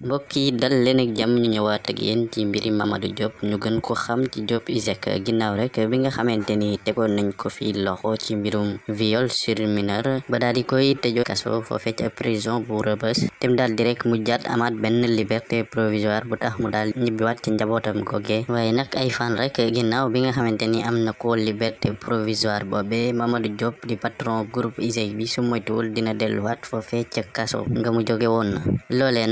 mbokk yi dal leen ak jàmm ñu ñëwaat ak yéen ci mbiri Mamadou Diop ñu gën ko xam ci Diop ISEC ginnaaw rek bi nga xamante ni tegoon nañ ko fi loxo ci mbirum viol sur mineur ba daal di koy tëjoo kaso foofee ca prison bu Rebeuss tem daal di mu jaat amaat benn liberté provisoire bu tax mu daal ñibbiwaat ci njabootam googee waaye nag ay fan rek ginnaaw bi nga xamante ni am na ko liberté provisoire boobee Mamadou Diop di patron group ISEC bi su moytuwul dina delluwaat foofee ca kaso nga mu jóge woon na loolee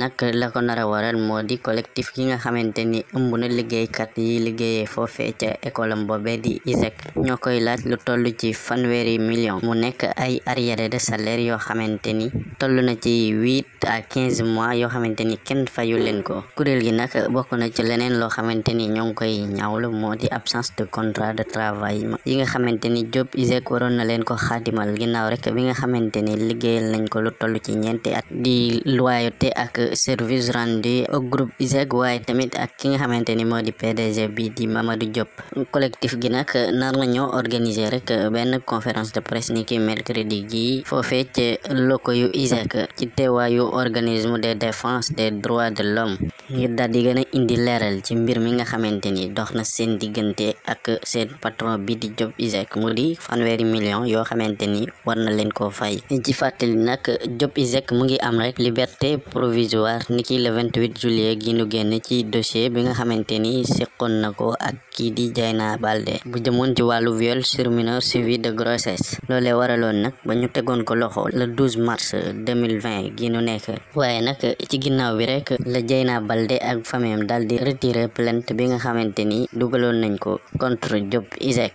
ko nara waral moo di collectif yi nga xamante ni ëmb na liggéeykat yi liggéeyee foofee ca école am di ISEC ñoo koy laaj lu toll ci fanweeri million mu nekk ay arriéré de salaire yoo xamante ni toll na ci huit à mois yoo xamante ni kenn fayu leen ko kuréel gi nag bokk na ci leneen loo xamante ni ñoo koy ñaawlu moo di absence de contrat de travail yi nga xamante ni job ISEC waroon na leen ko xaadimal ginnaaw rek bi nga xamante ni nañ ko Ousrane di groupe ISEG waaye tamit ak ki nga xamante ni moo di PDG bi di mamadu Diop collectif gi nag nar nañoo organiser rek benn conférence de presse ni ki mercredi gi foofee ci loko yu ISEG ci teewaayu organisme de défense des droits de l'homme ngir daal di gën a indi leeral ci mbir mi nga xamante ni dox na seen diggante ak seen patron bi di Job Isaac mu di fanweeri million yoo xamante ni war na leen koo fay ci fàttali nag Job Isaac mu ngi am rek liberté provisoire niki le 28 juillet gi nu génn ci dossier bi nga xamante ni seqoon na ko ak kii di Dieyna Baldé bu jëmoon ci wàllu viol sur mineur suivi de grossesse loolee waraloon nag ba ñu tegoon ko loxo le 12 mars 2020 gi nu nekk waaye nag ci ginnaaw Balde ak famem dal di retiré plainte bi nga xamante ni dugaloon nañ ko contre Diop ISEG